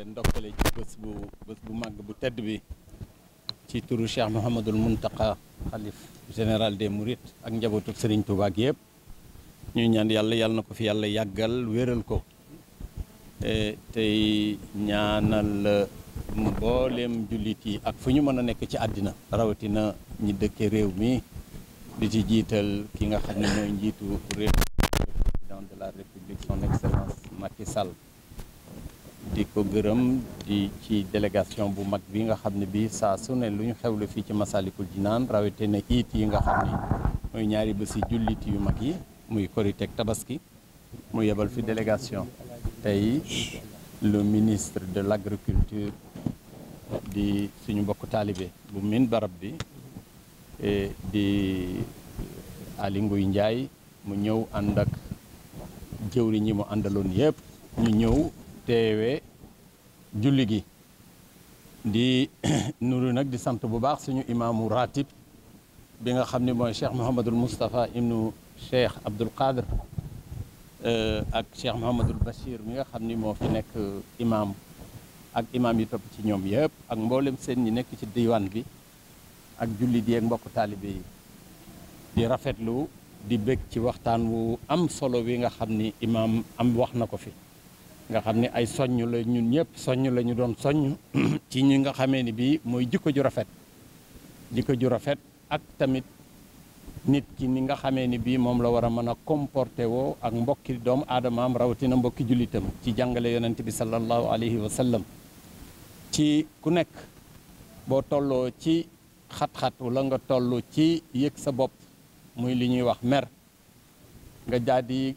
leen ndokkale ci bés bu bés bu màgg bu tedd bi ci turu Cheikh Mouhamadul Mountakha xalif général des murit ak njabootu Serigne Touba yépp yëpp ñuy ñaan yàlla yàlla na ko fi yàlla yàggal wéral ko e, tey ñaanal mbooleem jullit yi ak fu ñu mën a nekk ci àddina rawatina ñi dëkkee réew mi di ci jiital ki nga xam ne mooy njiitu réew président de la république son excellence Macky Sall di ko gërëm di ci délégation bu mag bi nga xam ne bii saa su ne lu ñu xewle fii ci Masalikul Jinaan rawete na iit yi nga xam ni mooy ñaari bési jullit yu mag yi muy Korite teg Tabaski mu yebal fi délégation tey le ministre de l'agriculture di suñu mbokk taalibe bu min barab bi e, di Ali Nguy njaay mu ñëw ànd ak jëwri ñi mu àndaloon yëpp ñu ñëw teewee julli gi di nuru nag di sant bu baax suñu imaamu ratib bi nga xam ne mooy cheikh Mouhamadul Moustapha ibnu cheikh Abdoul Qadir euh, ak cheikh Mouhamadul Bachir mi nga xam ni moo fi nekk imaam ak imaam yi topp ci ñoom yëpp ak mboolem seen ñi nekk ci diwaan bi ak julli di ak mbokk taalibe yi di rafetlu di bég ci waxtaan wu am solo wi nga xam ni imaam am wax na ko fi nga xam ne ay soññ la ñun ñëpp soññ la ñu doon soññ ci ñi nga xamee ni bii mooy jikko ju rafet jikko ju rafet ak tamit nit ki ni nga xamee ni bii moom la war a mën a comporté woo ak mbokki doomu aadamaam rawatina mbokki jullitam ci jàngale yonent bi sallallahu alayhi wa sallam ci ku nekk boo tolloo ci xat-xat wala nga toll ci yëg sa bopp muy li ñuy wax mer nga jaadi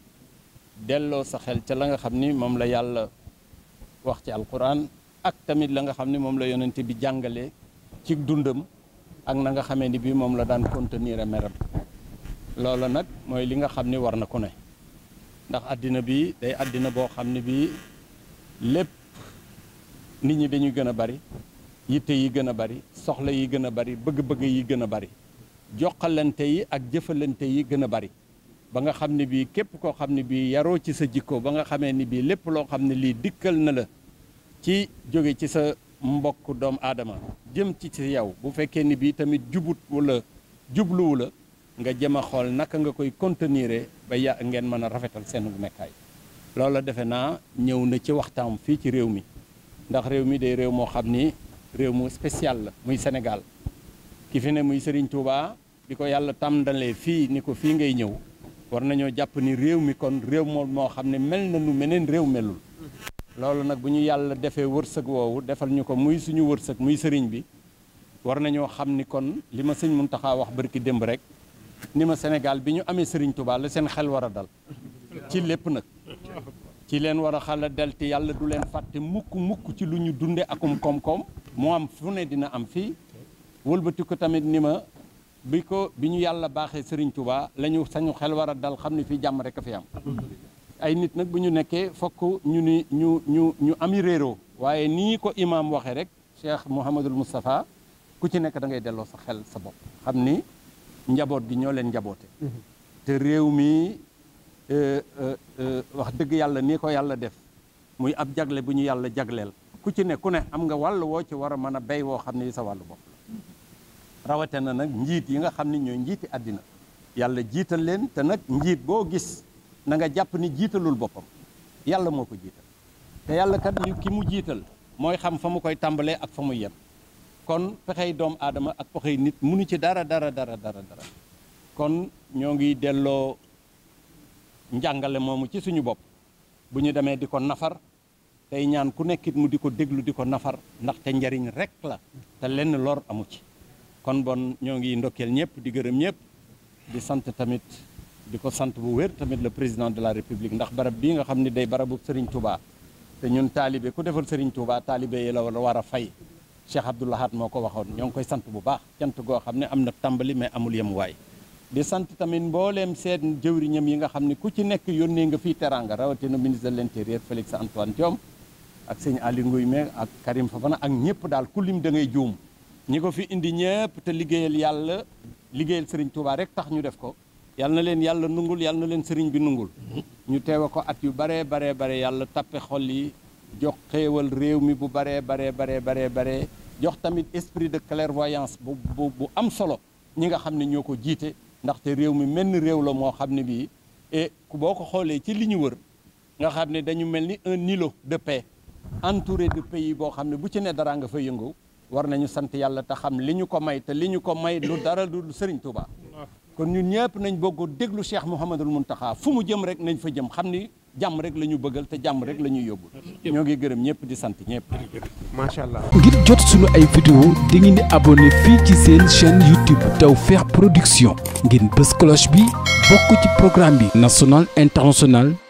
delloo sa xel ca la nga xam ni moom la yàlla wax ci alquran ak tamit la nga xam ni moom la yonent bi jàngale ci dundam ak na nga xamee ni bii moom la daan contenir meram loolu nag mooy li nga xam ni war na ku ne ndax àddina bi day àddina boo xam ne bii lépp nit ñi dañuy gën a bari yitte yi gën a bari soxla yi gën a bari bëgg-bëgg yi gën a bari joxalante yi ak jëfalante yi gën a bari ba nga xam ne bii képp koo xam ne bii yaroo ci sa jikkoo ba nga xamee ni bii lépp loo xam ne lii dikkal na la ci jóge ci sa mbokk doomu aadama jëm ci ci yow bu fekkee ni bii tamit jubut wala jubluwu la nga jëm a xool naka nga koy contenir ba ya ngeen mën a rafetal seen nekkaay loola defe naa ñëw na ci waxtaan fii ci réew mi ndax réew mi de réew moo xam ni réew mu spécial la muy Sénégal ki fi ne muy Serigne Touba bi ko yàlla tàmdalee fii ni ko fii ngay ñëw war nañoo jàpp ni réew mi kon réew moom moo xam ne mel na nu meneen réew melul loolu nag bu ñu yàlla defee wërsëg woowu defal ñu ko muy suñu wërsëg muy sëriñ bi war nañoo xam ni kon li ma sëñ Muntaxa wax barki demb rek ni ma senegal bi ñu amee sëriñ Tuubaa la seen xel war a dal ci lépp nag ci leen war a xala del te yàlla du leen fàtte mukk mukk ci lu ñu dunde akum koom-koom mu am fu ne dina am fii wëlbati ko tamit ni ma bi ko bi ñu yàlla baaxee Serigne Touba la ñu sañu xel war a dal xam ne fii jàmm rek a fi am ay nit nag bu ñu nekkee fokk ñu ni ñu ñu ñu ami réeroo waaye nii ko imaam waxee rek Cheikh Mouhamadul Moustapha ku ci nekk da ngay delloo sa xel sa bopp xam ni njaboot gi ñoo leen njaboote mhm. te réew mi euh, euh, euh, wax dëgg yàlla nii ko yàlla def muy ab jagle bu ñu yàlla jagleel ku ci ne ne am nga wàll woo ci war a mën a béy woo xam ne sa wàllu bopp rawate na nag njiit yi nga xam ni ñooy njiiti àddina yàlla jiital leen te nag njiit boo gis na nga jàpp ni jiitalul boppam yàlla moo ko jiital te yàlla kat ñu ki mu jiital mooy xam fa mu koy tàmbalee ak fa mu yem kon pexey doomu aadama ak pexey nit munu ci dara dara dara dara dara kon ñoo ngi delloo njàngale moomu ci suñu bopp bu ñu demee di ko nafar tey ñaan ku nekkit mu di ko déglu di ko nafar ndaxte njariñ rek la te lenn lor amu ci kon bon ñoo ngi ndokkeel ñëpp di gërëm ñëpp di sant tamit di ko sant bu wér tamit le président de la république ndax barab bii nga xam ne day barabu sëriñ Touba te ñun taalibe ku defal Serigne Touba taalibe yi la war a fay Cheikh Abdou Lahad moo ko waxoon ñoo ngi koy sant bu baax cant goo xam ne am na tàmbali mais amul yemuwaay di sant tamit mbooleem seen jëwriñam yi nga xam ne ku ci nekk yónnee nga fii teraanga rawatina ministre de l'intérieur Félix Antoine Diome ak sëñ Aly Ngouille ak Karim Fofana ak ñëpp daal ku lim da ngay juum ñi ko fi indi ñëpp te liggéeyal yàlla liggéeyal sëriñ Touba rek tax ñu def ko yàlla na leen yàlla nungul yàlla na leen sëriñ bi nungul ñu teewe ko at yu baree baree bare yàlla tappe xol yi jox xéewal réew mi bu baree baree baree baree baree jox tamit esprit de clairvoyance bu bu am solo ñi nga xam ne ñoo ko jiite ndaxte réew mi mel ni réew la moo xam ne bii et boo ko xoolee ci li ñu wër nga xam ne dañu mel ni un îlot de paix entouré de pays boo xam ne bu ci ne dara nga fa yëngu war nañu sant yàlla te xam li ñu ko may te li ñu ko may lu dara lu sëriñ Touba kon ñun ñëpp nañ bëgg déglu Cheikh mun Mountakha fu mu jëm rek nañ fa jëm xam ni jàmm rek la ñu bëggal te jàmm rek la ñuy yóbbu ñoo ngi gërëm ñëpp di sant ñëpp macha allah. ngir jot suñu ay vidéo di ngeen di abonné fii ci seen chaîne YouTube Tawfekh Production ngir bës cloche bi bokk ci programme bi national international